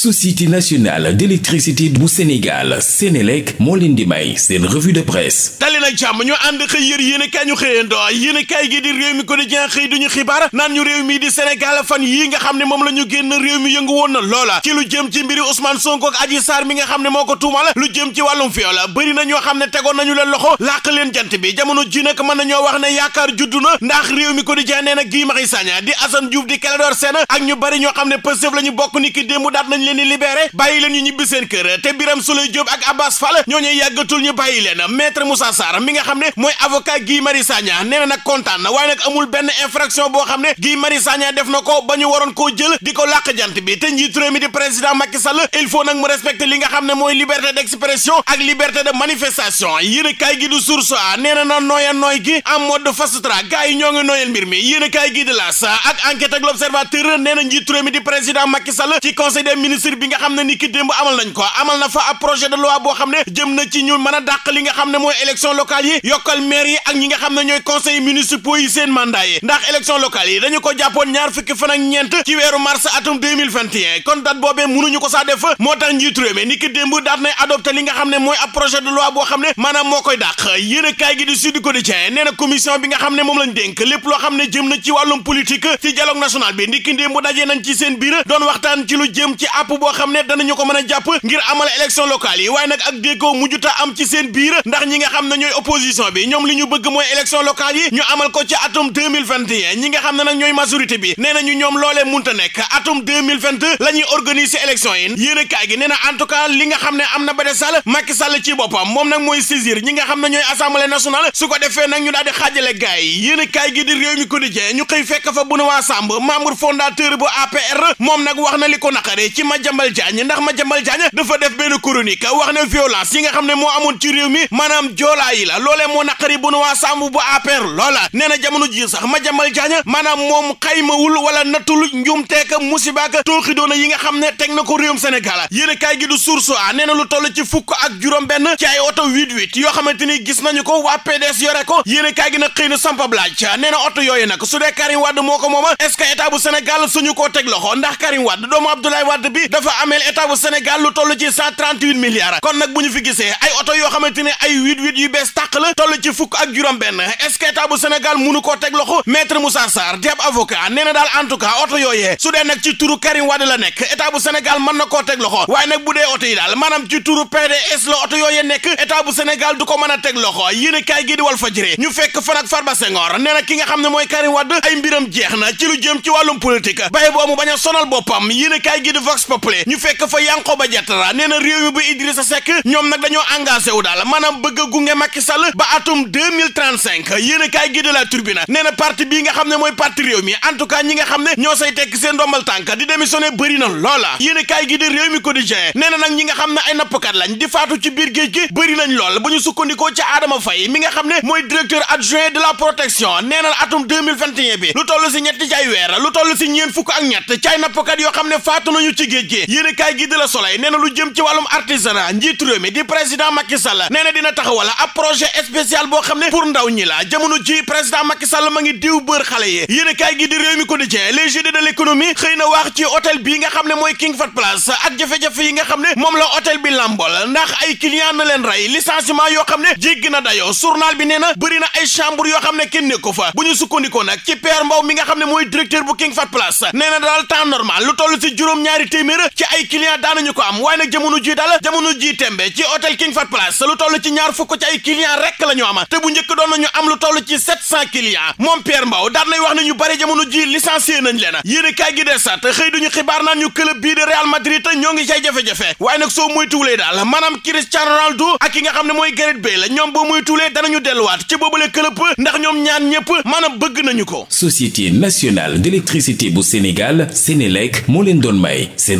société nationale d'électricité bu Sénégal Sénélec moo leen di may seen revue de presse dali jàmm ñu ànd xëy yër yéen i ñu xëyando yéen i kaay gi di réew mi quotidien xëy duñu xibaar naan ñu réew mi di Sénégal fan yii nga xam ne moom la ñu génn réew mi yëngu woon na loola ci lu jëm ci mbiri Ousmane Sonko ak Adji Sarr mi nga xam ne moo ko tuumal lu jëm ci wàllum viol bëri na ñoo xam ne tegoon nañu leen loxo làq leen jant bi jamono ji nag mën nañoo wax ne yaakaar juddu na ndax réew mi quotidien nee na Guy Marius leen di libéré bàyyi leen ñu kër te Birame Souleye Diop ak Abbas Fall ñooñu yàggatul ñu bàyyi leen maître Moussa Sarr mi nga xam ne mooy avocat Guy Marius Sagna nee na kontaan na waaye nag amul benn infraction boo xam ne Guy Marius Sagna def na ko ba ñu waroon koo jël di ko làq jant bi te njiit réew mi di président Macky Sall il faut nag mu respecter li nga xam ne mooy liberté d'expression ak liberté de manifestation a kaay na na nooya nooy gi yi ñoo ngi nooyal mbir mi yéen a kaay gi de la ak enquête ak l'observateur nee na njiit ministre bi nga xam ne ni ki démb amal nañ ko amal na fa ab projet de loi boo xam ne jëm na ci ñu mën a li nga xam ne mooy élection locale yi yokkal maire yi ak ñi nga xam ne ñooy conseil municipaux yi seen mandat yi ndax élection locale yi dañu ko jàppoon ñaar fukki fan ñeent ci weeru mars atum 2021 kon date boobee mënuñu ko saa def moo tax njiitu réew mi ni ki démb daat nay adopté li nga xam ne mooy ab projet de loi boo xam ne maanaam moo koy dàq yéen a gi bi nga xam ne moom lañ loo xam ne jëm na ci wàllum politique ci dialogue national bi ni ki démb dajee nañ ci boo xam ne danañu ko mën a jàpp ngir amal élection locale yi waaye nag ak déggoo mujjuta am ci seen biir ndax ñi nga xam ne ñooy opposition bi ñoom li ñu bëgg mooy élection locale yi ñu amal ko ci atum 2021 ñi nga xam ne nag ñooy majorité bi nee nañu ñoom loolee munta nekk atum 2022 la ñuy organiser yi yéen a kaay gi nee na en li nga xam ne am na ba de Sall Macky Sall ci boppam moom nag mooy saisir ñi nga xam ne ñooy assemblée nationale su ko defee na Madiambal Diagne ndax Madiambal Diagne dafa def benn chronique wax ne violence yi nga xam ne moo amoon ci réew mi maanaam joolaa yi la loolee moo naqari bu nu waa sàmm bu APR loola nee na jamono ji sax Madiambal Diagne maanaam moom xaymawul wala nattul njuumteeka musibaaka tooxi doona yi nga xam ne teg na ko réewum Sénégal yéen a gi du source a nee na lu toll ci fukk ak juróom benn ci ay oto huit huit yoo xamante ni gis nañu ko waa PDS yore ko yéen a kaay gi nag xëy na sampablaaj nee oto yooyu nag su dee Karim Wade moo ko mooma bu Sénégal suñu koo teg loxo ndax Karim Wade doomu Abdoulaye Wade bi dafa ameel état bu Sénégal lu toll ci cent trente huit milliards kon nag bu ñu fi gisee ay oto yoo xamante ne ay huit huit yu bees tàq la toll ci fukk ak juróom-benn est-ce que état munu koo teg loxo maître Moussa Sarr di ab avocat nee na daal en tout cas oto yooyee su dee nag ci turu Karim Wade la nekk état bu Sénégal mën na koo teg loxo waaye nag bu dee oto yi daal maanaam ci turu PDS ko mën teg loxo yéen a kaay gi di ñu fekk fan ak Farba Senghor nee na ki nga xam ne mooy Karim Wade ay mbiram jeex na ci lu jëm ci wàllum politique noppale ñu fekk fa Yankhoba Diattara nee na réew mi bu Idrissa Seck ñoom nag dañoo engagé wu daal maanaam bëgg gu gunge Macky Sall ba atum 2035 yéen a kaay gi de la Tribune nee na parti bii nga xam ne mooy parti réew mi en tout cas ñi nga xam ne ñoo say tekk seen ndombal tànk di démissionné bëri na loola yéen a kaay gi de réew mi quotidien nee na nag ñi nga xam ne ay nappkat lañ di faatu ci biir géej gi bëri nañ lool ba ñu sukkandikoo ci Adama Faye mi nga xam ne mooy directeur adjoint de la protection nee na atum 2021 bi lu toll si ñetti ci ay weer toll si ñeen ak ñett ay nappkat yoo xam ne faatu nañu ci géej liggéey yéen kaay gi di la Soleil nee na lu jëm ci wàllum artisanat njiitu réew di président Macky Sall dina taxawal ab projet spécial boo xam ne pour ndaw ñi la jamono ji président Macky Sall ngi diw bër xale yi yéen kaay gi di réew mi quotidien les jeunes de l'économie xëy na wax ci hôtel bii nga xam ne mooy King Fahd Palace ak jafe yi nga xam ne moom la hôtel bi lambol ndax ay client na leen rey licenciement yoo xam ne jéggi na dayoo journal téeméer ci ay client daanañu ko am waaye nag jamono ji daal jamono ji tembe ci hôtel King Fahd Palace lu toll ci ñaar fukk ci ay client rek la ñu am te bu njëkk doon nañu am lu toll ci sept cent clients moom Pierre Mbaw daan wax ne ñu bëri ji licencié nañ leen yéen a kaay gi de sat xëy duñu xibaar naan ñu club bii de Real Madrid ñoo ngi cay jafe-jafe waaye nag soo muy tuulee daal delluwaat ci boobale club ndax ñoom ñaan ñëpp maanaam bëgg nañu ko société nationale d'électricité bu Sénégal Sénélec moo leen doon may seen